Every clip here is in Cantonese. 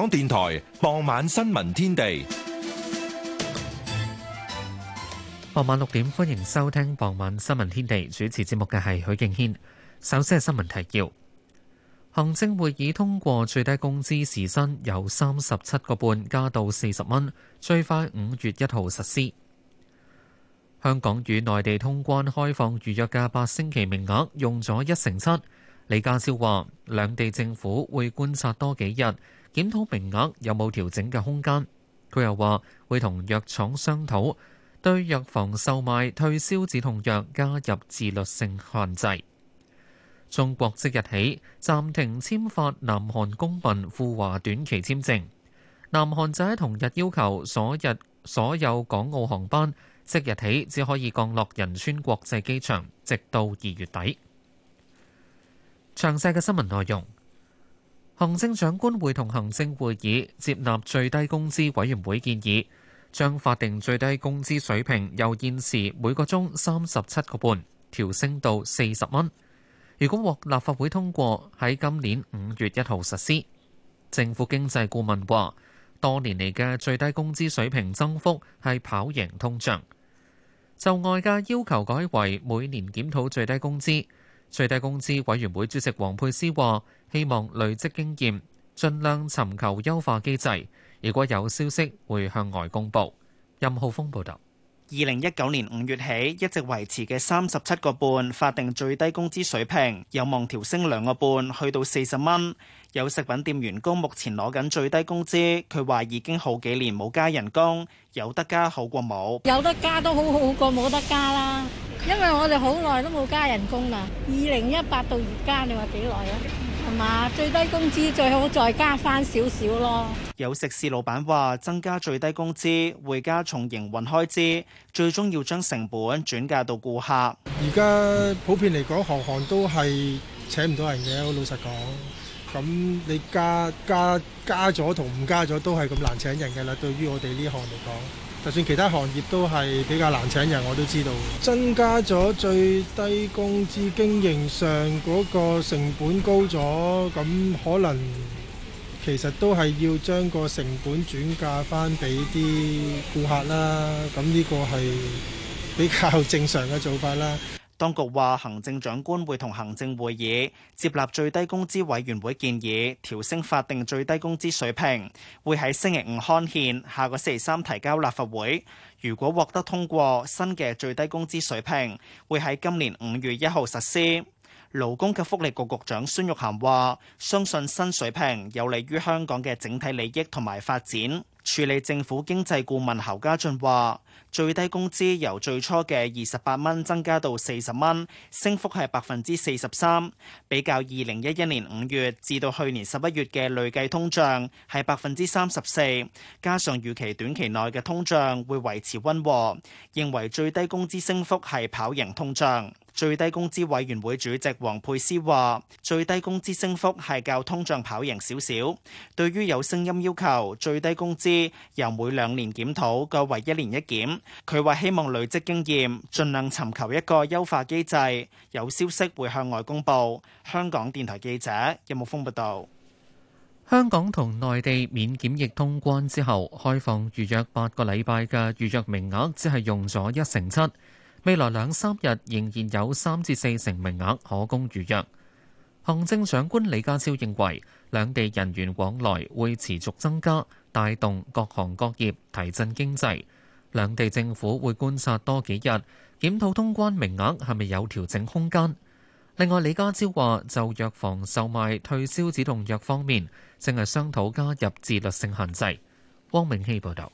香港電台傍晚新聞天地，傍晚六點，歡迎收聽傍晚新聞天地。主持節目嘅係許敬軒。首先係新聞提要：行政會議通過最低工資時薪由三十七個半加到四十蚊，最快五月一號實施。香港與內地通關開放預約嘅八星期名額用咗一成七。李家超話，兩地政府會觀察多幾日。檢討名額有冇調整嘅空間？佢又話會同藥廠商討對藥房售賣退燒止痛藥加入自律性限制。中國即日起暫停簽發南韓公民赴華短期簽證。南韓就喺同日要求所日所有港澳航班即日起只可以降落仁川國際機場，直到二月底。詳細嘅新聞內容。行政長官會同行政會議接納最低工資委員會建議，將法定最低工資水平由現時每個鐘三十七個半調升到四十蚊。如果獲立法會通過，喺今年五月一號實施。政府經濟顧問話：多年嚟嘅最低工資水平增幅係跑贏通脹。就外界要求改為每年檢討最低工資。最低工資委員會主席王沛詩話：希望累積經驗，盡量尋求優化機制。如果有消息，會向外公佈。任浩峰報導。二零一九年五月起一直維持嘅三十七個半法定最低工資水平，有望調升兩個半，去到四十蚊。有食品店員工目前攞緊最低工資，佢話已經好幾年冇加人工，有得加好過冇。有得加都好好過冇得加啦，因為我哋好耐都冇加人工啦。二零一八到而家，你話幾耐啊？係咪？最低工資最好再加翻少少咯。有食肆老闆話增加最低工資會加重營運開支，最終要將成本轉嫁到顧客。而家普遍嚟講，行行都係請唔到人嘅，我老實講。咁你加加加咗同唔加咗都係咁難請人嘅啦。對於我哋呢行嚟講，就算其他行業都係比較難請人，我都知道增加咗最低工資，經營上嗰個成本高咗，咁可能其實都係要將個成本轉嫁翻俾啲顧客啦。咁呢個係比較正常嘅做法啦。當局話，行政長官會同行政會議接納最低工資委員會建議，調升法定最低工資水平，會喺星期五刊憲，下個星期三提交立法會。如果獲得通過，新嘅最低工資水平會喺今年五月一號實施。勞工及福利局局長孫玉菡話：相信新水平有利於香港嘅整體利益同埋發展。署理政府經濟顧問侯家俊話：最低工資由最初嘅二十八蚊增加到四十蚊，升幅係百分之四十三，比較二零一一年五月至到去年十一月嘅累計通脹係百分之三十四。加上預期短期內嘅通脹會維持温和，認為最低工資升幅係跑贏通脹。最低工資委員會主席王沛詩話：最低工資升幅係較通脹跑贏少少。對於有聲音要求最低工資由每兩年檢討改為一年一檢，佢話希望累積經驗，盡量尋求一個優化機制。有消息會向外公布。香港電台記者任木峰報道。有有道香港同內地免檢疫通關之後，開放預約八個禮拜嘅預約名額只，只係用咗一成七。未來兩三日仍然有三至四成名額可供預約。行政長官李家超認為，兩地人員往來會持續增加，帶動各行各業，提振經濟。兩地政府會觀察多幾日，檢討通關名額係咪有調整空間。另外，李家超話就藥房售賣退燒止痛藥方面，正係商討加入自律性限制。汪明希報導。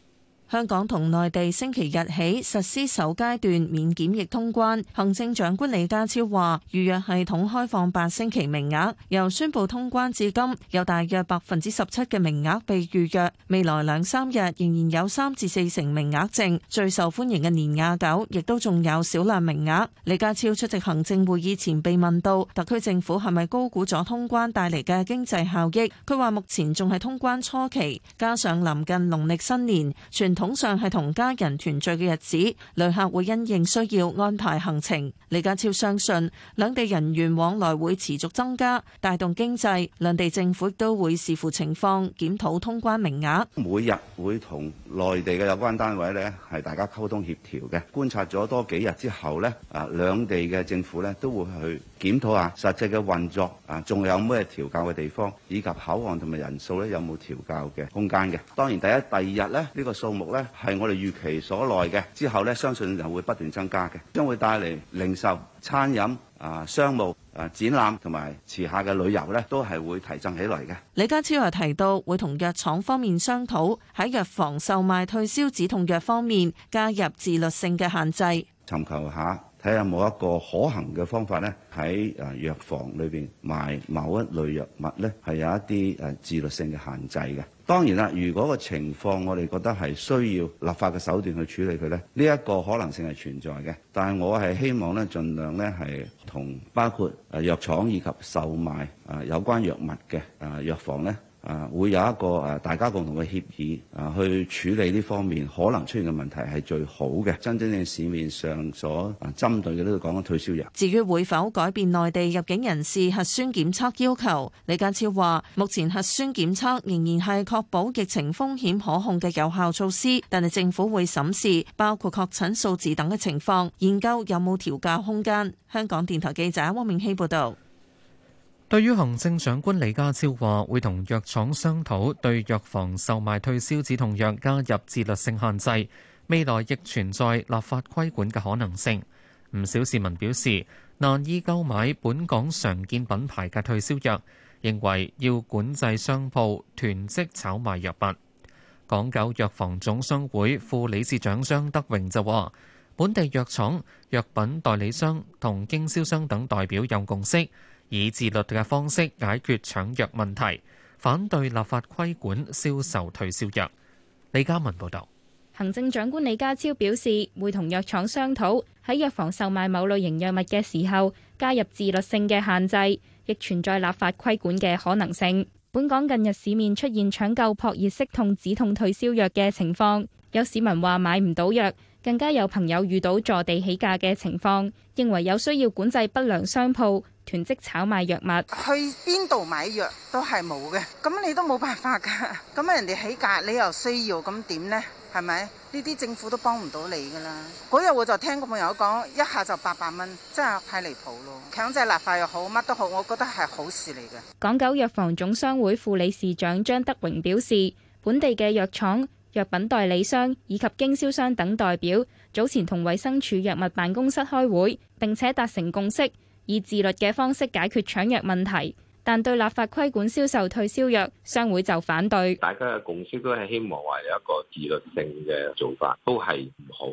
香港同內地星期日起實施首階段免檢疫通關。行政長官李家超話，預約系統開放八星期名額，由宣布，通關至今，有大約百分之十七嘅名額被預約。未來兩三日仍然有三至四成名額剩，最受歡迎嘅年廿九亦都仲有少量名額。李家超出席行政會議前被問到，特區政府係咪高估咗通關帶嚟嘅經濟效益？佢話目前仲係通關初期，加上臨近農曆新年，全統上係同家人團聚嘅日子，旅客會因應需要安排行程。李家超相信兩地人員往來會持續增加，帶動經濟，兩地政府都會視乎情況檢討通關名額，每日會同內地嘅有關單位咧，係大家溝通協調嘅。觀察咗多幾日之後咧，啊兩地嘅政府咧都會去檢討下實際嘅運作啊，仲有咩調校嘅地方，以及口岸同埋人數咧有冇調校嘅空間嘅。當然第一第二日咧呢個數目。咧係我哋預期所內嘅，之後咧相信係會不斷增加嘅，將會帶嚟零售、餐飲、啊商務、啊展覽同埋遲下嘅旅遊呢都係會提振起來嘅。李家超又提到，會同藥廠方面商討，喺藥房售賣退燒止痛藥方面加入自律性嘅限制，尋求下。睇下有冇一個可行嘅方法咧，喺誒藥房裏邊賣某一類藥物咧，係有一啲誒自律性嘅限制嘅。當然啦，如果個情況我哋覺得係需要立法嘅手段去處理佢咧，呢一個可能性係存在嘅。但係我係希望咧，盡量咧係同包括誒藥廠以及售賣誒有關藥物嘅誒藥房咧。啊，會有一個啊，大家共同嘅協議啊，去處理呢方面可能出現嘅問題係最好嘅。真真正正市面上所啊針對嘅呢個講緊退燒藥。至於會否改變內地入境人士核酸檢測要求？李家超話：目前核酸檢測仍然係確保疫情風險可控嘅有效措施，但係政府會審視包括確診數字等嘅情況，研究有冇調價空間。香港電台記者汪明希報導。對於行政長官李家超話，會同藥廠商討對藥房售賣退燒止痛藥加入自律性限制，未來亦存在立法規管嘅可能性。唔少市民表示難以購買本港常見品牌嘅退燒藥，認為要管制商鋪囤積炒賣藥物。港九藥房總商會副理事長張德榮就話，本地藥廠、藥品代理商同經銷商等代表有共識。以自律嘅方式解決搶藥問題，反對立法規管銷售退燒藥。李嘉文報道，行政長官李家超表示，會同藥廠商討喺藥房售賣某類型藥物嘅時候加入自律性嘅限制，亦存在立法規管嘅可能性。本港近日市面出現搶購撲熱息痛止痛退燒藥嘅情況，有市民話買唔到藥。更加有朋友遇到坐地起價嘅情況，認為有需要管制不良商鋪囤積炒賣藥物。去邊度買藥都係冇嘅，咁你都冇辦法㗎。咁人哋起價，你又需要，咁點呢？係咪呢啲政府都幫唔到你㗎啦？嗰日我就聽個朋友講，一下就八百蚊，真係太離譜咯！強制立法又好，乜都好，我覺得係好事嚟嘅。港九藥房總商會副理事長張德榮表示，本地嘅藥廠、藥品代理商以及經銷商等代表早前同衛生署藥物辦公室開會，並且達成共識，以自律嘅方式解決搶藥問題。但對立法規管銷售退燒藥，商會就反對。大家嘅共識都係希望話有一個自律性嘅做法，都係唔好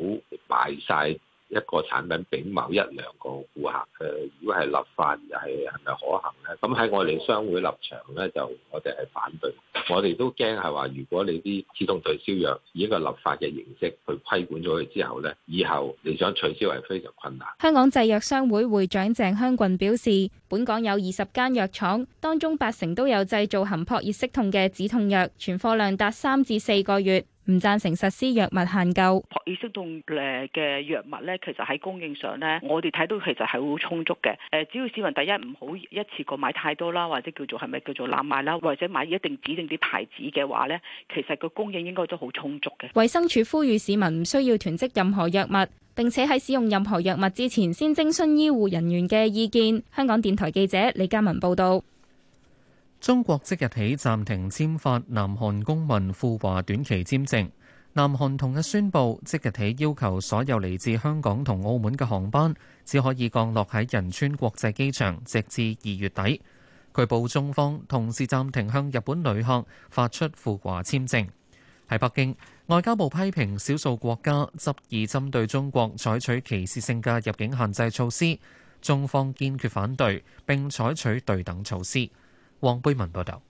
賣晒。一個產品俾某一兩個顧客，誒、呃，如果係立法又係係咪可行咧？咁喺我哋商會立場咧，就我哋係反對。我哋都驚係話，如果你啲止痛退燒藥以一個立法嘅形式去規管咗佢之後呢，以後你想取消係非常困難。香港製藥商會會會長鄭香郡表示，本港有二十間藥廠，當中八成都有製造含撲熱息痛嘅止痛藥，存貨量達三至四個月。唔贊成實施藥物限購，意識到誒嘅藥物咧，其實喺供應上咧，我哋睇到其實係好充足嘅。誒，只要市民第一唔好一次過買太多啦，或者叫做係咪叫做濫買啦，或者買一定指定啲牌子嘅話咧，其實個供應應該都好充足嘅。衛生署呼籲市民唔需要囤積任何藥物，並且喺使用任何藥物之前先徵詢醫護人員嘅意見。香港電台記者李嘉文報道。中國即日起暫停簽發南韓公民赴華短期簽證。南韓同日宣布，即日起要求所有嚟自香港同澳門嘅航班只可以降落喺仁川國際機場，直至二月底。據報，中方同時暫停向日本旅客發出赴華簽證。喺北京，外交部批評少數國家執意針對中國採取歧視性嘅入境限制措施，中方堅決反對，並採取對等措施。黃貝文報道：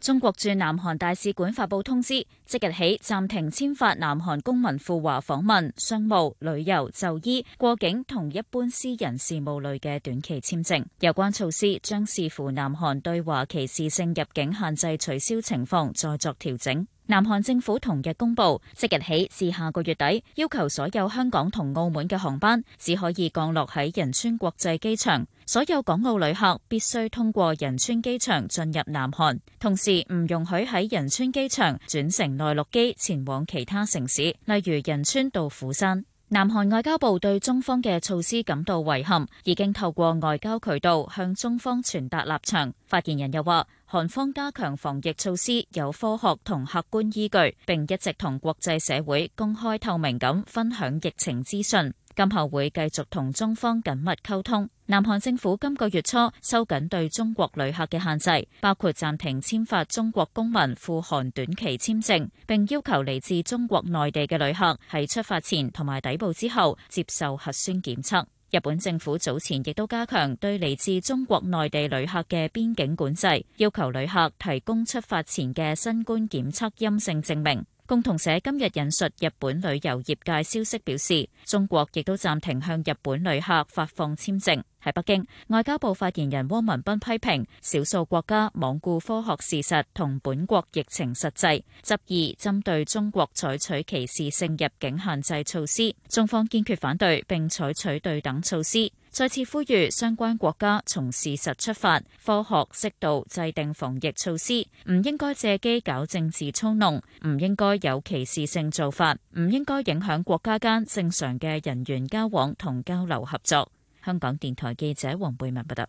中國駐南韓大使館發布通知，即日起暫停簽發南韓公民赴華訪問、商務、旅遊、就醫、過境同一般私人事務類嘅短期簽證。有關措施將視乎南韓對華歧視性入境限制取消情況再作調整。南韓政府同日公布，即日起至下個月底，要求所有香港同澳門嘅航班只可以降落喺仁川國際機場，所有港澳旅客必須通過仁川機場進入南韓，同時唔容許喺仁川機場轉乘內陸機前往其他城市，例如仁川到釜山。南韓外交部對中方嘅措施感到遺憾，已經透過外交渠道向中方傳達立場。發言人又話：韓方加強防疫措施有科學同客觀依據，並一直同國際社會公開透明咁分享疫情資訊。今後會繼續同中方緊密溝通。南韓政府今個月初收緊對中國旅客嘅限制，包括暫停簽發中國公民赴韓短期簽證，並要求嚟自中國內地嘅旅客喺出發前同埋抵埗之後接受核酸檢測。日本政府早前亦都加強對嚟自中國內地旅客嘅邊境管制，要求旅客提供出發前嘅新冠檢測陰性證明。共同社今日引述日本旅遊業界消息表示，中國亦都暫停向日本旅客發放簽證。喺北京，外交部發言人汪文斌批評少數國家罔顧科學事實同本國疫情實際，執意針對中國採取歧視性入境限制措施。中方堅決反對，並採取對等措施。再次呼籲相關國家從事實出發，科學適度制定防疫措施，唔應該借機搞政治操弄，唔應該有歧視性做法，唔應該影響國家間正常嘅人員交往同交流合作。香港電台記者黃貝文報道。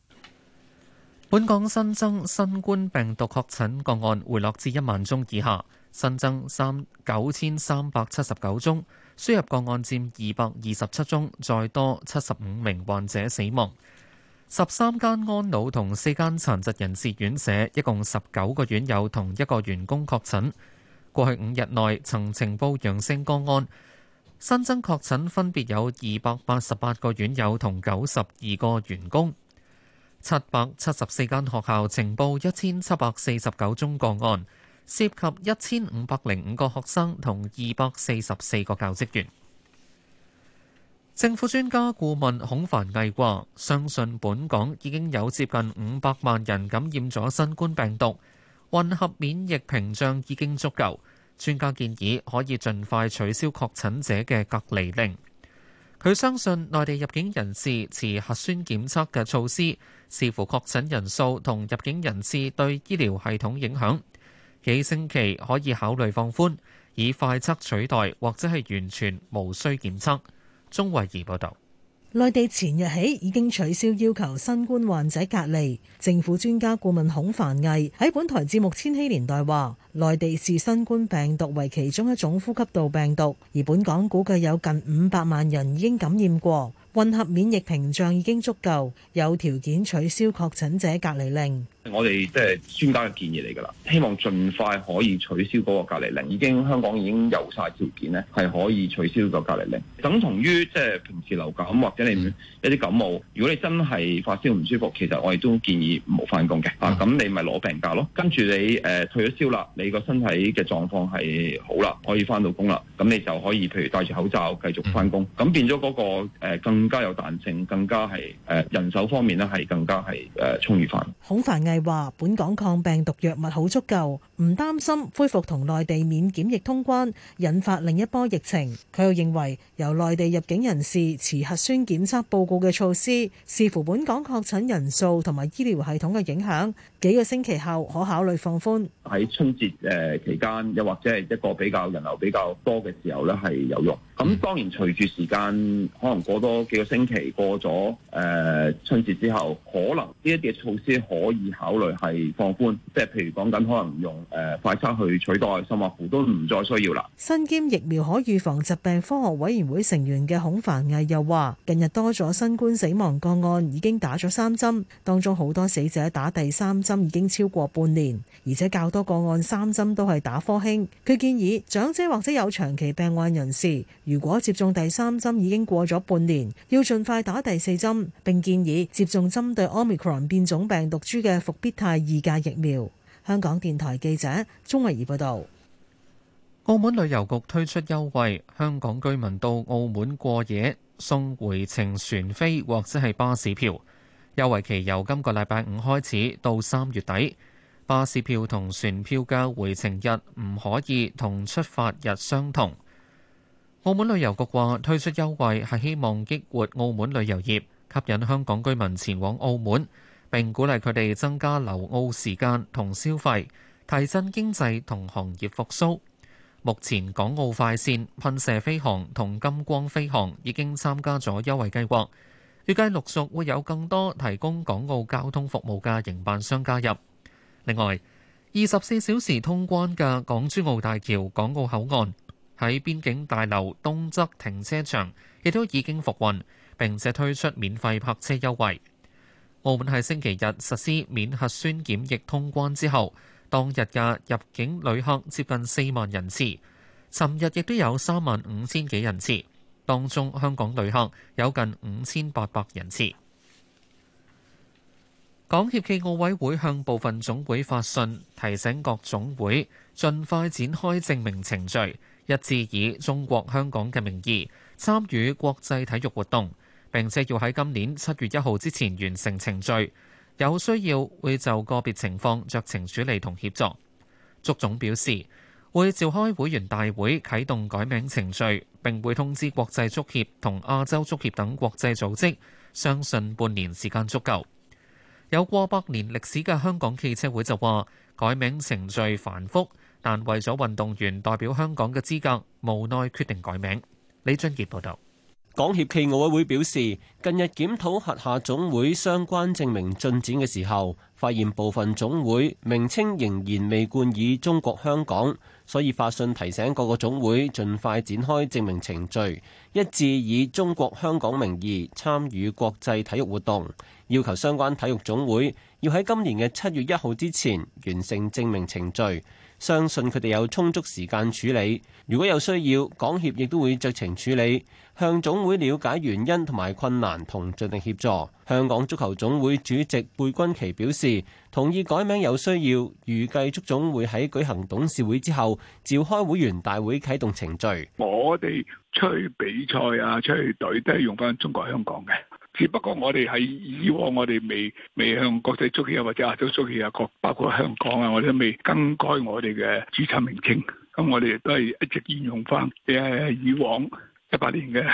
本港新增新冠病毒確診個案回落至一萬宗以下，新增三九千三百七十九宗。輸入個案佔二百二十七宗，再多七十五名患者死亡。十三間安老同四間殘疾人士院舍，一共十九個院友同一個員工確診。過去五日內曾呈報陽性個案，新增確診分別有二百八十八個院友同九十二個員工。七百七十四間學校呈報一千七百四十九宗個案。涉及一千五百零五個學生同二百四十四個教職員。政府專家顧問孔凡毅話，相信本港已經有接近五百萬人感染咗新冠病毒，混合免疫屏障已經足夠，專家建議可以盡快取消確診者嘅隔離令。佢相信內地入境人士持核酸檢測嘅措施，視乎確診人數同入境人士對醫療系統影響。幾星期可以考慮放寬，以快測取代，或者係完全無需檢測。鍾慧儀報道，內地前日起已經取消要求新冠患者隔離。政府專家顧問孔繁毅喺本台節目《千禧年代》話，內地視新冠病毒為其中一種呼吸道病毒，而本港估計有近五百萬人已經感染過。混合免疫屏障已經足夠，有條件取消確診者隔離令。我哋即係專家嘅建議嚟㗎啦，希望盡快可以取消嗰個隔離令。已經香港已經有晒條件咧，係可以取消個隔離令。等同於即係平時流感或者你一啲感冒，如果你真係發燒唔舒服，其實我哋都建議唔好翻工嘅。啊，咁你咪攞病假咯。跟住你誒、呃、退咗燒啦，你個身體嘅狀況係好啦，可以翻到工啦。咁你就可以譬如戴住口罩繼續翻工。咁變咗嗰個誒更。更加有彈性，更加係誒人手方面咧，係更加係誒充裕化。孔繁毅話：本港抗病毒藥物好足夠，唔擔心恢復同內地免檢疫通關引發另一波疫情。佢又認為由內地入境人士持核酸檢測報告嘅措施，視乎本港確診人數同埋醫療系統嘅影響。幾個星期後可考慮放寬。喺春節誒期間，又或者係一個比較人流比較多嘅時候咧，係有用。咁當然隨住時間，可能過多幾個星期過咗誒春節之後，可能呢一啲嘅措施可以考慮係放寬，即係譬如講緊可能用誒快測去取代甚或乎都唔再需要啦。身兼疫苗可預防疾病科學委員會成員嘅孔繁毅又話：近日多咗新冠死亡個案，已經打咗三針，當中好多死者打第三針針已經超過半年，而且較多個案三針都係打科興。佢建議長者或者有長期病患人士，如果接種第三針已經過咗半年，要盡快打第四針，並建議接種針對 Omicron 變種病毒株嘅復必泰二價疫苗。香港電台記者鍾慧儀報道。澳門旅遊局推出優惠，香港居民到澳門過夜送回程船飛或者係巴士票。優惠期由今個禮拜五開始到三月底，巴士票同船票嘅回程日唔可以同出發日相同。澳門旅遊局話，推出優惠係希望激活澳門旅遊業，吸引香港居民前往澳門，並鼓勵佢哋增加留澳時間同消費，提振經濟同行業復甦。目前，港澳快線、噴射飛航同金光飛航已經參加咗優惠計劃。預計陸續會有更多提供港澳交通服務嘅營辦商加入。另外，二十四小時通關嘅港珠澳大橋港澳口岸喺邊境大樓東側停車場亦都已經復運，並且推出免費泊車優惠。澳門喺星期日實施免核酸檢疫通關之後，當日嘅入境旅客接近四萬人次，尋日亦都有三萬五千幾人次。當中香港旅客有近五千八百人次。港協暨奧委會向部分總會發信，提醒各總會盡快展開正名程序，一致以中國香港嘅名義參與國際體育活動，並且要喺今年七月一號之前完成程序。有需要會就個別情況酌情處理同協助。祝總表示。會召開會員大會，啟動改名程序，並會通知國際足協同亞洲足協等國際組織。相信半年時間足夠。有過百年歷史嘅香港汽車會就話：改名程序繁複，但為咗運動員代表香港嘅資格，無奈決定改名。李俊傑報導。港協暨奧委會表示，近日檢討轄下總會相關證明進展嘅時候，發現部分總會名稱仍然未冠以中國香港。所以發信提醒各個總會盡快展開正名程序，一致以中國香港名義參與國際體育活動，要求相關體育總會要喺今年嘅七月一號之前完成正名程序。相信佢哋有充足時間處理，如果有需要，港協亦都會酌情處理，向總會了解原因同埋困難，同盡力協助。香港足球總會主席貝鈞奇表示，同意改名有需要，預計足總會喺舉行董事會之後，召開會員大會啟動程序。我哋出去比賽啊，出隊都係用翻中國香港嘅。只不過我哋喺以往我哋未未向國際足協或者亞洲足協啊，國包括香港啊，我哋都未更改我哋嘅註冊名稱，咁我哋都係一直沿用翻誒、呃、以往一百年嘅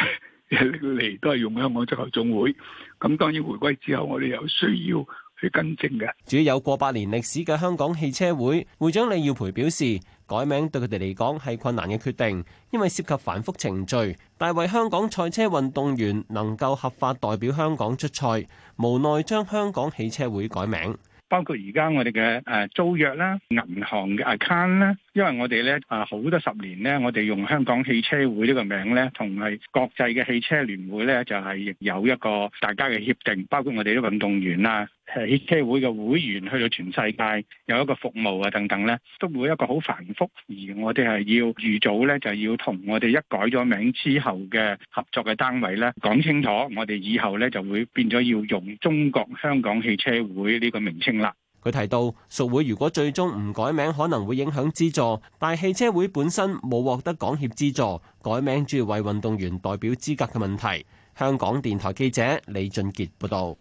嚟，都係用香港足球總會。咁當然回歸之後，我哋有需要。去更正嘅，主要有過百年歷史嘅香港汽車會會長李耀培表示，改名對佢哋嚟講係困難嘅決定，因為涉及繁複程序，但為香港賽車運動員能夠合法代表香港出賽，無奈將香港汽車會改名，包括而家我哋嘅誒租約啦、銀行嘅 account 啦。因為我哋咧啊，好多十年咧，我哋用香港汽車會呢個名咧，同係國際嘅汽車聯會咧，就係亦有一個大家嘅協定，包括我哋啲運動員啦，汽車會嘅會員去到全世界有一個服務啊等等咧，都會一個好繁複，而我哋係要預早咧，就要同我哋一改咗名之後嘅合作嘅單位咧，講清楚我哋以後咧就會變咗要用中國香港汽車會呢個名稱啦。佢提到，屬會如果最終唔改名，可能會影響資助；但汽車會本身冇獲得港協資助，改名主要為運動員代表資格嘅問題。香港電台記者李俊傑報道。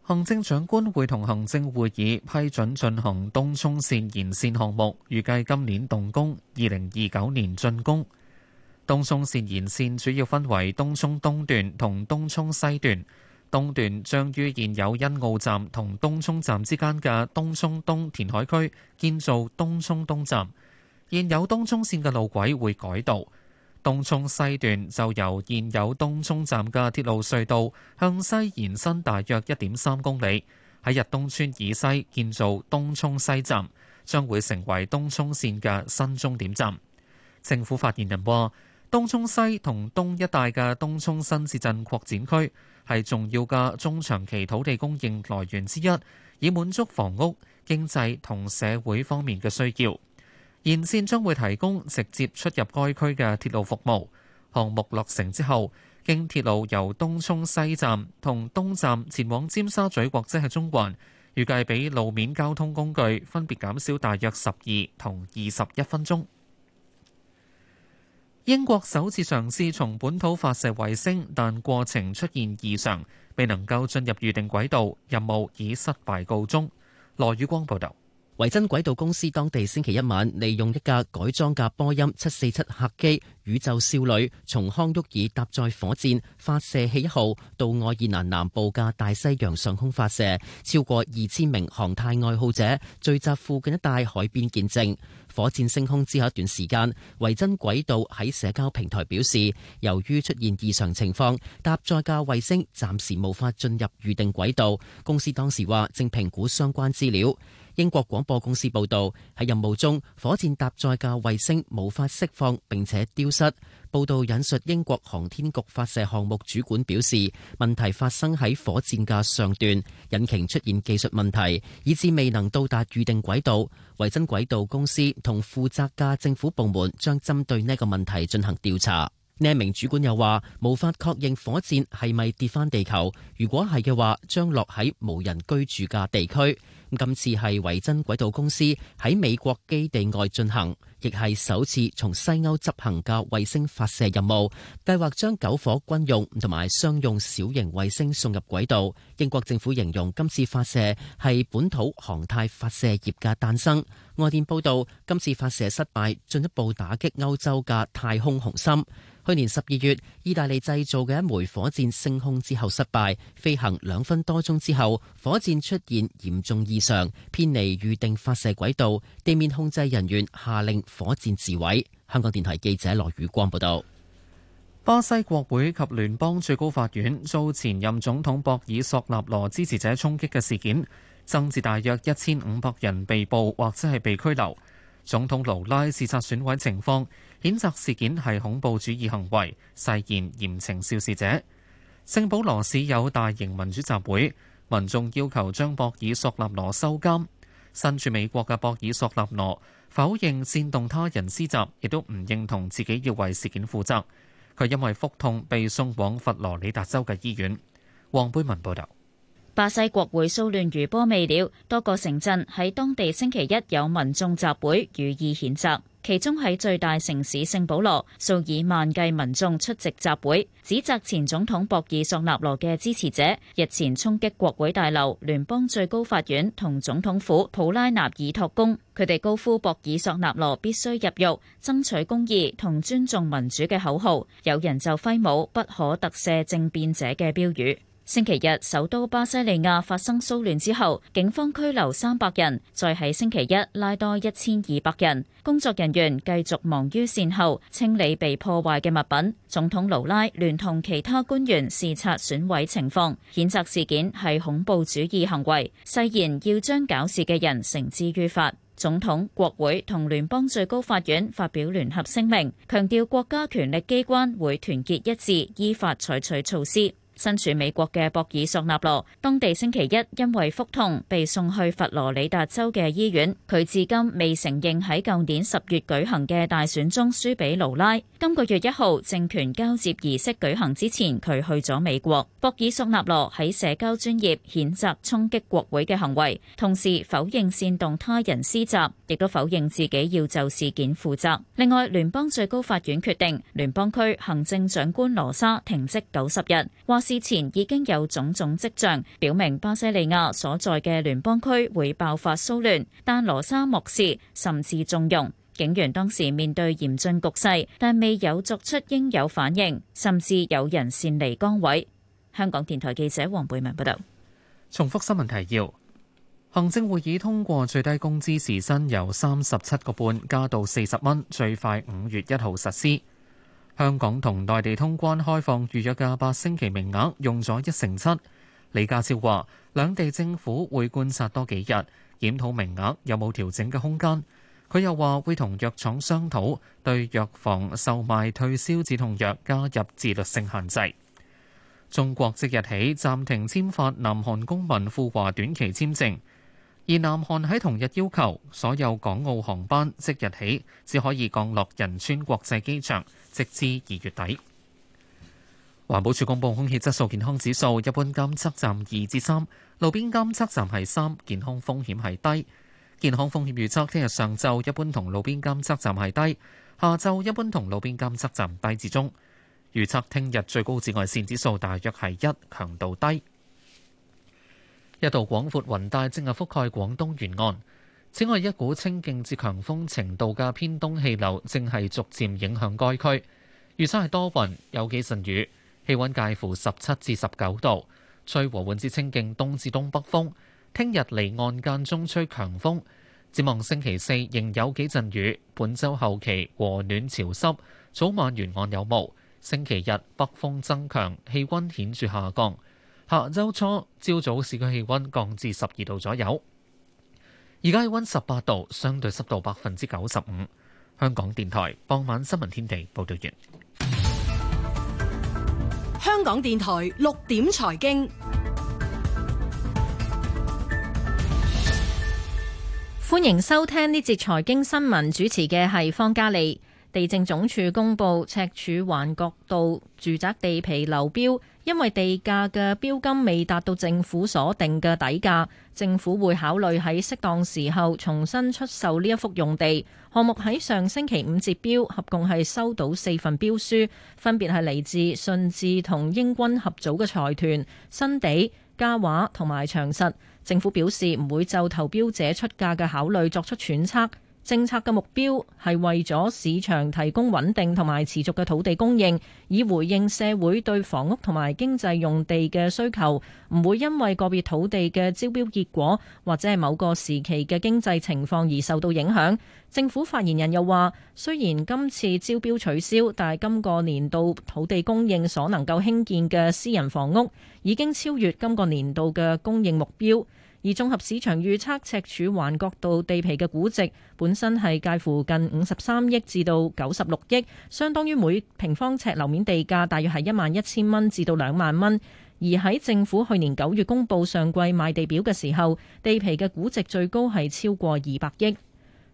行政長官會同行政會議批准進行東涌線延線項目，預計今年動工，二零二九年竣工。東涌線延線主要分為東涌東段同東涌西段。東段將於現有欣澳站同東涌站之間嘅東涌東填海區建造東涌東站，現有東涌綫嘅路軌會改道。東涌西段就由現有東涌站嘅鐵路隧道向西延伸大約一點三公里，喺日東村以西建造東涌西站，將會成為東涌綫嘅新終點站。政府發言人話，東涌西同東一帶嘅東涌新市鎮擴展區係重要嘅中長期土地供應來源之一，以滿足房屋、經濟同社會方面嘅需要。沿綫將會提供直接出入該區嘅鐵路服務。項目落成之後，經鐵路由東涌西站同東站前往尖沙咀或者係中環，預計比路面交通工具分別減少大約十二同二十一分鐘。英國首次嘗試從本土發射衛星，但過程出現異常，未能夠進入預定軌道，任務以失敗告終。羅宇光報道，維珍軌道公司當地星期一晚，利用一架改裝嘅波音七四七客機《宇宙少女》，從康沃爾搭載火箭發射器一號，到愛爾蘭南部嘅大西洋上空發射。超過二千名航太愛好者聚集附近一帶海邊見證。火箭升空之後一段時間，維珍軌道喺社交平台表示，由於出現異常情況，搭載架衛星暫時無法進入預定軌道。公司當時話正評估相關資料。英國廣播公司報道，喺任務中，火箭搭載嘅衛星無法釋放並且丟失。報道引述英國航天局發射項目主管表示，問題發生喺火箭嘅上段，引擎出現技術問題，以至未能到達預定軌道。維珍軌道公司同負責嘅政府部門將針對呢一個問題進行調查。呢一名主管又話，無法確認火箭係咪跌翻地球，如果係嘅話，將落喺無人居住嘅地區。今次係維珍軌道公司喺美國基地外進行，亦係首次從西歐執行嘅衛星發射任務，計劃將九顆軍用同埋商用小型衛星送入軌道。英國政府形容今次發射係本土航太發射業嘅誕生。外電報導，今次發射失敗，進一步打擊歐洲嘅太空雄心。去年十二月，意大利製造嘅一枚火箭升空之後失敗，飛行兩分多鐘之後，火箭出現嚴重異。以上偏離預定發射軌道，地面控制人員下令火箭自毀。香港電台記者羅宇光報道。巴西國會及聯邦最高法院遭前任總統博爾索納羅支持者衝擊嘅事件，增至大約一千五百人被捕或者係被拘留。總統盧拉視察損毀情況譴責事件係恐怖主義行為，誓言嚴懲肇事者。聖保羅市有大型民主集會。民眾要求將博爾索納羅收監。身處美國嘅博爾索納羅否認煽動他人施襲，亦都唔認同自己要為事件負責。佢因為腹痛被送往佛羅里達州嘅醫院。黃貝文報導。巴西國會騷亂餘波未了，多個城鎮喺當地星期一有民眾集會，予以譴責。其中喺最大城市聖保羅，數以萬計民眾出席集會，指責前總統博爾索納羅嘅支持者日前衝擊國會大樓、聯邦最高法院同總統府普拉納爾托宮。佢哋高呼博爾索納羅必須入獄、爭取公義同尊重民主嘅口號，有人就揮舞“不可特赦政變者”嘅標語。星期日，首都巴西利亞發生騷亂之後，警方拘留三百人，再喺星期一拉多一千二百人。工作人員繼續忙於善後，清理被破壞嘅物品。總統盧拉聯同其他官員視察損毀情況，譴責事件係恐怖主義行為，誓言要將搞事嘅人繩之於法。總統、國會同聯邦最高法院發表聯合聲明，強調國家權力機關會團結一致，依法採取措施。身處美國嘅博爾索納羅，當地星期一因為腹痛被送去佛羅里達州嘅醫院。佢至今未承認喺舊年十月舉行嘅大選中輸俾盧拉。今個月一號政權交接儀式舉行之前，佢去咗美國。博爾索納羅喺社交專頁譴責衝擊國會嘅行為，同時否認煽動他人施襲，亦都否認自己要就事件負責。另外，聯邦最高法院決定聯邦區行政長官羅莎停職九十日。之前已經有種種跡象，表明巴西利亞所在嘅聯邦區會爆發騷亂，但羅沙漠視甚至縱容，警員當時面對嚴峻局勢，但未有作出應有反應，甚至有人擅離崗位。香港電台記者黃貝文報導。重複新聞提要：行政會議通過最低工資時薪由三十七個半加到四十蚊，最快五月一號實施。香港同內地通關開放預約嘅八星期名額用咗一成七，李家超話兩地政府會觀察多幾日，檢討名額有冇調整嘅空間。佢又話會同藥廠商討對藥房售賣退燒止痛藥加入自律性限制。中國即日起暫停簽發南韓公民赴華短期簽證。而南韓喺同日要求所有港澳航班即日起只可以降落仁川國際機場，直至二月底。環保署公布空氣質素健康指數，一般監測站二至三，路邊監測站係三，健康風險係低。健康風險預測聽日上晝一般同路邊監測站係低，下晝一般同路邊監測站低至中。預測聽日最高紫外線指數大約係一，強度低。一道廣闊雲帶正係覆蓋廣東沿岸，此外一股清勁至強風程度嘅偏東氣流正係逐漸影響該區。預測係多雲，有幾陣雨，氣温介乎十七至十九度，吹和緩至清勁東至東北風。聽日離岸間中吹強風，展望星期四仍有幾陣雨。本週後期和暖潮濕，早晚沿岸有霧。星期日北風增強，氣温顯著下降。下週初，啊，朝早市區氣溫降至十二度左右，而家氣溫十八度，相對濕度百分之九十五。香港電台傍晚新聞天地報道員。香港電台六點財經，歡迎收聽呢節財經新聞，主持嘅係方嘉莉。地政總署公佈赤柱環角道住宅地皮流標，因為地價嘅標金未達到政府所定嘅底價，政府會考慮喺適當時候重新出售呢一幅用地。項目喺上星期五截標，合共係收到四份標書，分別係嚟自信置同英軍合組嘅財團新地、嘉華同埋長實。政府表示唔會就投標者出價嘅考慮作出揣測。政策嘅目標，係為咗市場提供穩定同埋持續嘅土地供應，以回應社會對房屋同埋經濟用地嘅需求，唔會因為個別土地嘅招標結果或者係某個時期嘅經濟情況而受到影響，政府發言人又話，雖然今次招標取消，但係今個年度土地供應所能夠興建嘅私人房屋已經超越今個年度嘅供應目標。而綜合市場預測，赤柱環角道地皮嘅估值本身係介乎近五十三億至到九十六億，相當於每平方尺樓面地價大約係一萬一千蚊至到兩萬蚊。而喺政府去年九月公佈上季賣地表嘅時候，地皮嘅估值最高係超過二百億。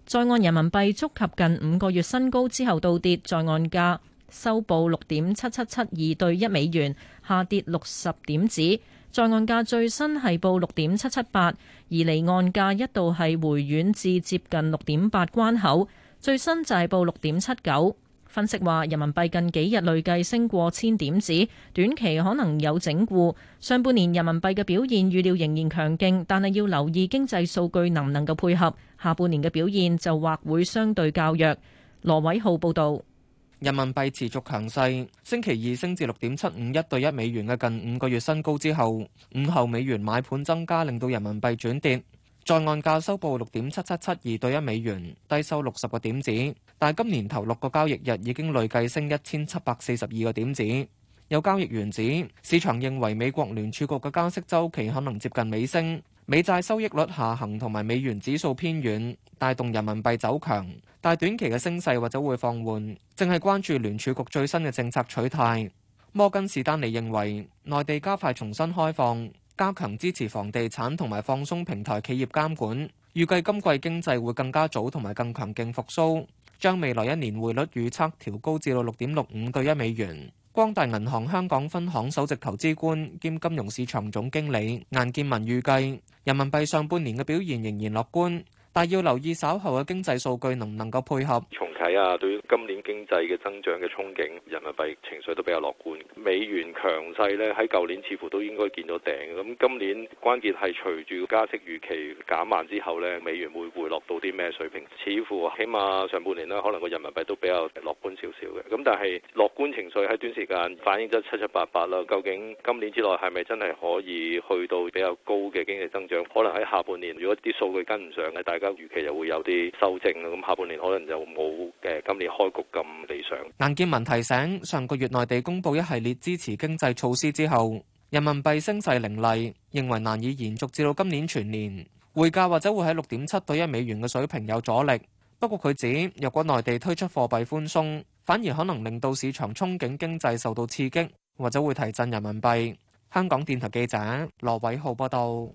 在岸人民幣觸及近五個月新高之後倒跌，在岸價收報六點七七七二對一美元，下跌六十點子。在岸價最新係報六點七七八，而離岸價一度係回軟至接近六點八關口，最新就係報六點七九。分析話，人民幣近幾日累計升過千點子，短期可能有整固。上半年人民幣嘅表現預料仍然強勁，但係要留意經濟數據能唔能夠配合。下半年嘅表現就或會相對較弱。羅偉浩報導。人民幣持續強勢，星期二升至六點七五一對一美元嘅近五個月新高之後，午後美元買盤增加，令到人民幣轉跌，在岸價收報六點七七七二對一美元，低收六十個點子。但今年頭六個交易日已經累計升一千七百四十二個點子。有交易員指，市場認為美國聯儲局嘅加息周期可能接近尾聲，美債收益率下行同埋美元指數偏軟，帶動人民幣走強。但短期嘅升勢或者會放緩，正係關注聯儲局最新嘅政策取態。摩根士丹利認為，內地加快重新開放，加強支持房地產同埋放鬆平台企業監管，預計今季經濟會更加早同埋更強勁復蘇，將未來一年匯率預測調高至到六點六五兌一美元。光大銀行香港分行首席投資官兼金融市場總經理顏建文預計，人民幣上半年嘅表現仍然樂觀。但要留意稍後嘅經濟數據能唔能夠配合重啟啊？對於今年經濟嘅增長嘅憧憬，人民幣情緒都比較樂觀。美元強勢咧，喺舊年似乎都應該見到頂。咁今年關鍵係隨住加息預期減慢之後咧，美元會回落到啲咩水平？似乎起碼上半年咧，可能個人民幣都比較樂觀少少嘅。咁但係樂觀情緒喺短時間反映得七七八八啦。究竟今年之內係咪真係可以去到比較高嘅經濟增長？可能喺下半年，如果啲數據跟唔上嘅，但而家預期就會有啲修正啦，咁下半年可能就冇誒今年開局咁理想。顏建文提醒，上個月內地公布一系列支持經濟措施之後，人民幣升勢凌厲，認為難以延續至到今年全年匯價，或者會喺六點七對一美元嘅水平有阻力。不過佢指，若果內地推出貨幣寬鬆，反而可能令到市場憧憬經濟受到刺激，或者會提振人民幣。香港電台記者羅偉浩報道。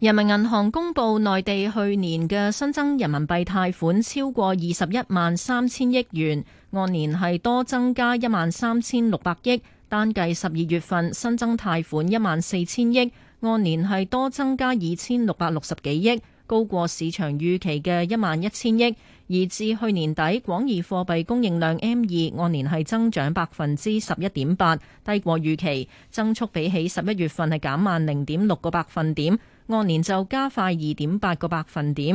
人民銀行公布內地去年嘅新增人民幣貸款超過二十一萬三千億元，按年係多增加一萬三千六百億。單計十二月份新增貸款一萬四千億，按年係多增加二千六百六十多億。高過市場預期嘅一萬一千億，而至去年底廣義貨幣供應量 M2 按年係增長百分之十一點八，低過預期，增速比起十一月份係減慢零點六個百分點，按年就加快二點八個百分點。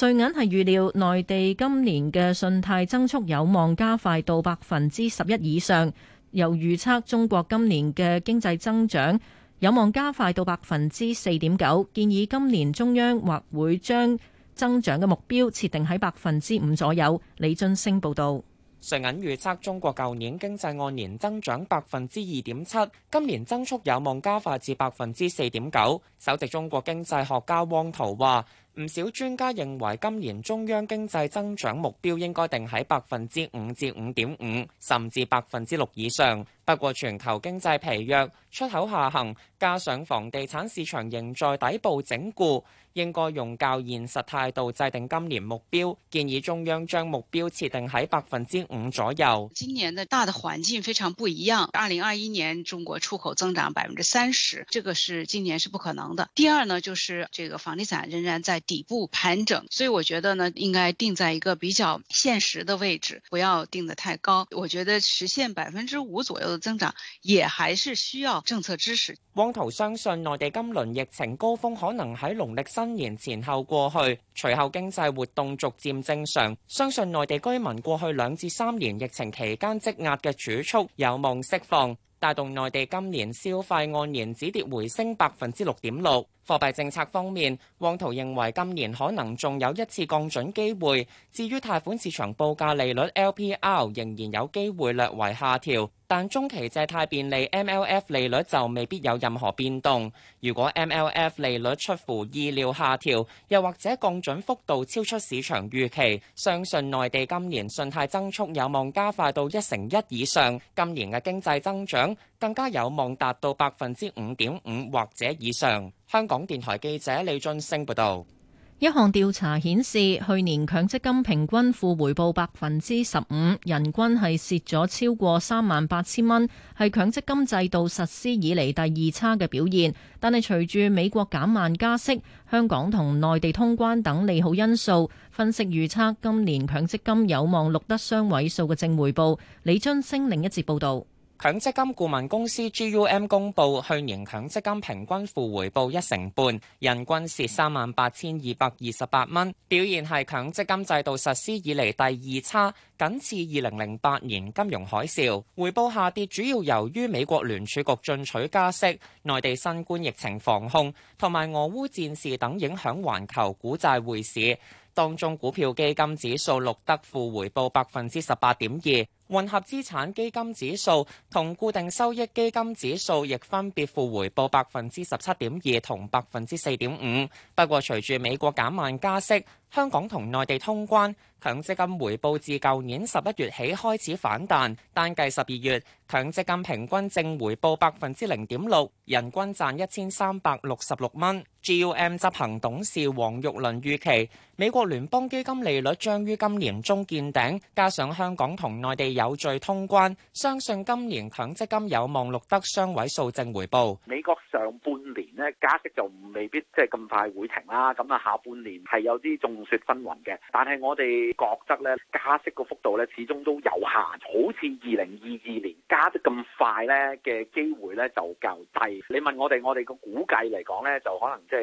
瑞銀係預料內地今年嘅信貸增速有望加快到百分之十一以上，又預測中國今年嘅經濟增長有望加快到百分之四點九，建議今年中央或會將增長嘅目標設定喺百分之五左右。李俊升報道。瑞銀預測中國舊年經濟按年增長百分之二點七，今年增速有望加快至百分之四點九。首席中國經濟學家汪濤話唔少專家認為今年中央經濟增長目標應該定喺百分之五至五點五，甚至百分之六以上。不過全球經濟疲弱、出口下行，加上房地產市場仍在底部整固，應該用較現實態度制定今年目標。建議中央將目標設定喺百分之五左右。今年的大的環境非常不一樣，二零二一年中國出口增長百分之三十，這個是今年是不可能的。第二呢，就是這個房地產仍然在底部盤整，所以我覺得呢，應該定在一個比較現實的位置，不要定得太高。我覺得實現百分之五左右。增長也還是需要政策支持。汪濤相信，內地今輪疫情高峰可能喺農曆新年前後過去，隨後經濟活動逐漸正常。相信內地居民過去兩至三年疫情期間積壓嘅儲蓄有望釋放，帶動內地今年消費按年止跌回升百分之六點六。貨幣政策方面，旺圖認為今年可能仲有一次降準機會。至於貸款市場報價利率 LPR 仍然有機會略為下調，但中期借貸便利 MLF 利率就未必有任何變動。如果 MLF 利率出乎意料下調，又或者降準幅度超出市場預期，相信內地今年信貸增速有望加快到一成一以上。今年嘅經濟增長，更加有望達到百分之五點五或者以上。香港電台記者李俊升報道，一項調查顯示，去年強積金平均負回報百分之十五，人均係蝕咗超過三萬八千蚊，係強積金制度實施以嚟第二差嘅表現。但係隨住美國減慢加息、香港同內地通關等利好因素，分析預測今年強積金有望錄得雙位數嘅正回報。李俊升另一節報道。強積金顧問公司 GUM 公布，去年強積金平均負回報一成半，人均蝕三萬八千二百二十八蚊，表現係強積金制度實施以嚟第二差，僅次二零零八年金融海嘯。回報下跌主要由於美國聯儲局進取加息、內地新冠疫情防控同埋俄烏戰事等影響環球股債匯市，當中股票基金指數錄得負回報百分之十八點二。混合資產基金指數同固定收益基金指數亦分別負回報百分之十七點二同百分之四點五。不過隨住美國減慢加息，香港同內地通關，強積金回報自舊年十一月起開始反彈。單計十二月，強積金平均正回報百分之零點六，人均賺一千三百六十六蚊。GUM 執行董事黃玉麟預期，美國聯邦基金利率將於今年中見頂，加上香港同內地，有序通關，相信今年強積金有望錄得雙位數正回報。美國上半年呢加息就未必即係咁快會停啦，咁啊下半年係有啲眾說紛紜嘅。但係我哋覺得呢加息個幅度呢始終都有限，好似二零二二年加得咁快呢嘅機會呢就較低。你問我哋，我哋個估計嚟講呢，就可能即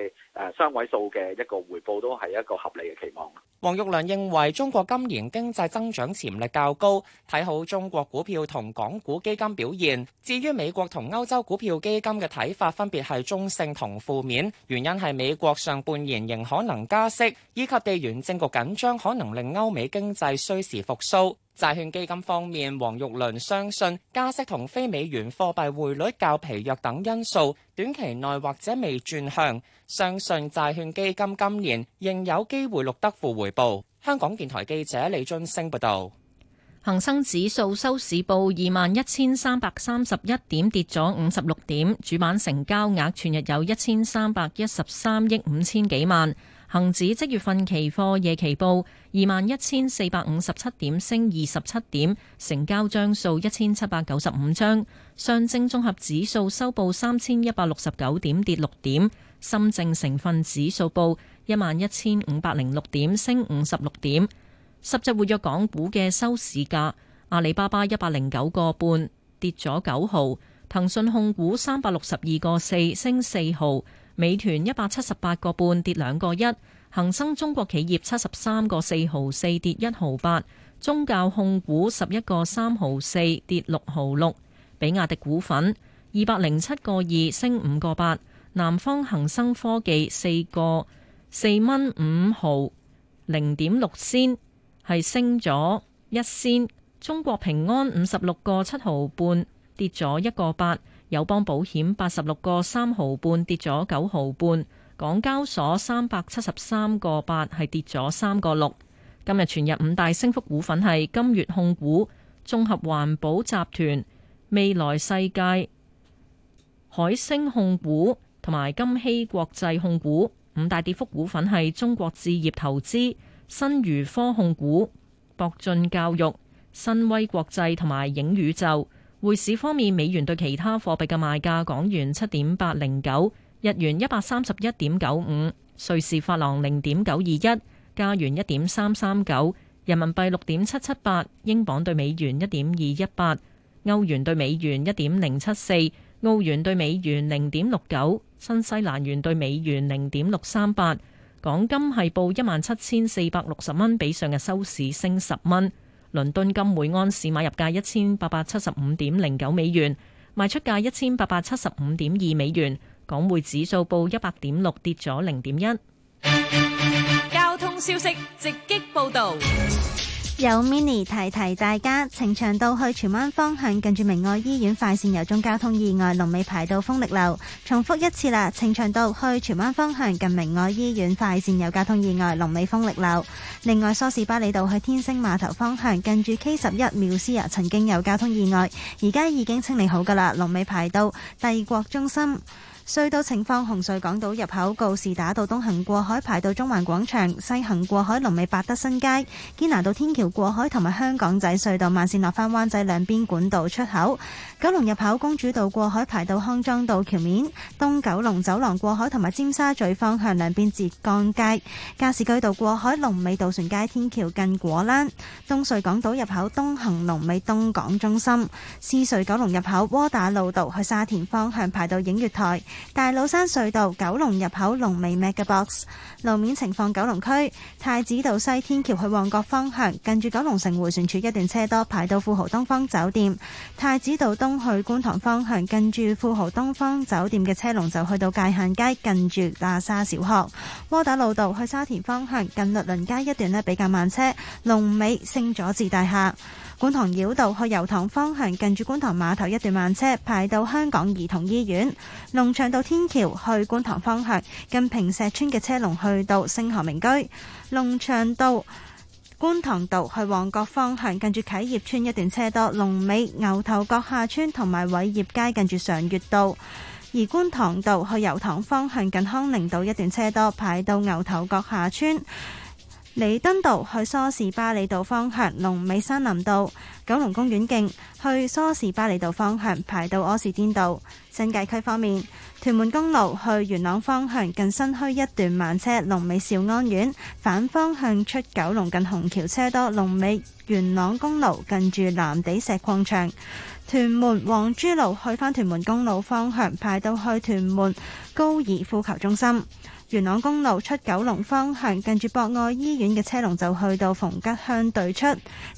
係誒雙位數嘅一個回報都係一個合理嘅期望。黃玉良認為，中國今年經濟增長潛力較高，睇。好中國股票同港股基金表現。至於美國同歐洲股票基金嘅睇法，分別係中性同負面。原因係美國上半年仍可能加息，以及地緣政局緊張可能令歐美經濟需時復蘇。債券基金方面，黃玉倫相信加息同非美元貨幣匯率較疲弱等因素，短期內或者未轉向。相信債券基金今年仍有機會錄得負回報。香港電台記者李津升報道。恒生指數收市報二萬一千三百三十一點，跌咗五十六點。主板成交額全日有一千三百一十三億五千幾萬。恒指即月份期貨夜期報二萬一千四百五十七點，升二十七點，成交張數一千七百九十五張。上證綜合指數收報三千一百六十九點，跌六點。深證成分指數報一萬一千五百零六點，升五十六點。十隻活躍港股嘅收市價，阿里巴巴一百零九個半跌咗九毫，騰訊控股三百六十二個四升四毫，美團一百七十八個半跌兩個一，恒生中國企業七十三個四毫四跌一毫八，中教控股十一個三毫四跌六毫六，比亞迪股份二百零七個二升五個八，南方恒生科技四個四蚊五毫零點六仙。係升咗一仙，中國平安五十六個七毫半跌咗一個八，友邦保險八十六個三毫半跌咗九毫半，港交所三百七十三個八係跌咗三個六。今日全日五大升幅股份係金粵控股、綜合環保集團、未來世界、海星控股同埋金禧國際控股。五大跌幅股份係中國置業投資。新如科控股、博進教育、新威國際同埋影宇宙。匯市方面，美元對其他貨幣嘅賣價：港元七點八零九，日元一百三十一點九五，瑞士法郎零點九二一，加元一點三三九，人民幣六點七七八，英鎊對美元一點二一八，歐元對美元一點零七四，澳元對美元零點六九，新西蘭元對美元零點六三八。港金係報一萬七千四百六十蚊，比上日收市升十蚊。倫敦金每安士買入價一千八百七十五點零九美元，賣出價一千八百七十五點二美元。港匯指數報一百點六，跌咗零點一。交通消息直擊報道。有 mini 提提大家，呈祥道去荃灣方向近住明愛醫院快線有宗交通意外，龍尾排到豐力樓。重複一次啦，呈祥道去荃灣方向近明愛醫院快線有交通意外，龍尾豐力樓。另外，梳士巴里道去天星碼頭方向近住 K 十一妙思啊，曾經有交通意外，而家已經清理好噶啦，龍尾排到帝國中心。隧道情況：紅隧港島入口告士打道東行過海排到中環廣場，西行過海龍尾百德新街；堅拿道天橋過海同埋香港仔隧道慢線落翻灣仔兩邊管道出口。九龍入口公主道過海排到康莊道橋面，東九龍走廊過海同埋尖沙咀方向兩邊浙江街，加士居道過海龍尾渡船街天橋近果欄，東隧港島入口東行龍尾東港中心，獅隧九龍入口窩打老道去沙田方向排到映月台，大老山隧道九龍入口龍尾 MegaBox 路面情況，九龍區太子道西天橋去旺角方向近住九龍城回旋處一段車多排到富豪東方酒店，太子道東。東去觀塘方向，近住富豪東方酒店嘅車龍就去到界限街，近住喇沙小學。窩打老道去沙田方向，近律倫街一段呢比較慢車。龍尾聖佐治大廈。觀塘繞道去油塘方向，近住觀塘碼頭一段慢車，排到香港兒童醫院。龍翔道天橋去觀塘方向，近坪石邨嘅車龍去到星河明居。龍翔道觀塘道去旺角方向，近住啟業村一段車多；龍尾牛頭角下村同埋偉業街近住常悅道。而觀塘道去油塘方向，近康寧道一段車多，排到牛頭角下村。彌敦道去梳士巴利道方向，龍尾山林道。九龍公園徑去梳士巴利道方向，排到柯士甸道。新界區方面。屯門公路去元朗方向，近新墟一段慢車，龍尾兆安苑；反方向出九龍近紅橋車多，龍尾元朗公路近住藍地石礦場。屯門皇珠路去返屯門公路方向，排到去屯門高爾夫球中心。元朗公路出九龍方向，近住博愛醫院嘅車龍就去到逢吉鄉對出；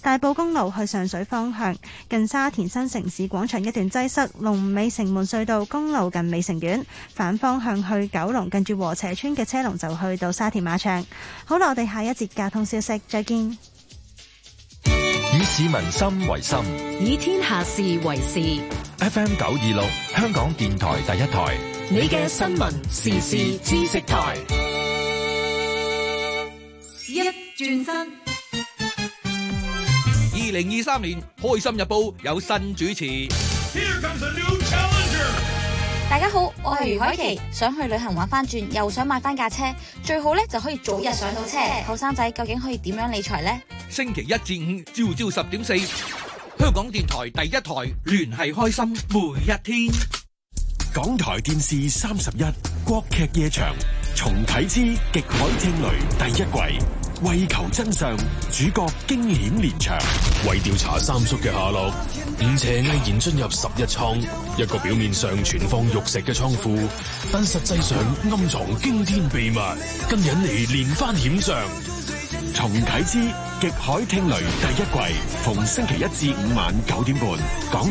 大埔公路去上水方向，近沙田新城市廣場一段擠塞；龍尾城門隧道公路近美城苑，反方向去九龍，近住禾輋村嘅車龍就去到沙田馬場。好啦，我哋下一節交通消息，再見。以市民心為心，以天下事為事。FM 九二六，香港電台第一台。你嘅新聞時事知識台，一轉身。二零二三年開心日報有新主持。大家好，我係余凱琪，想去旅行玩翻轉，又想買翻架車，最好咧就可以早日上到車。後生仔究竟可以點樣理財呢？星期一至五朝朝十點四，香港電台第一台聯繫開心每一天。港台電視三十一國劇夜場重啟之極海聽雷第一季，為求真相，主角驚險連場。為調查三叔嘅下落，吳邪毅然進入十一倉，一個表面上存放玉石嘅倉庫，但實際上暗藏驚天秘密，更引嚟連番險象。重啟之極海聽雷第一季，逢星期一至五晚九點半，港。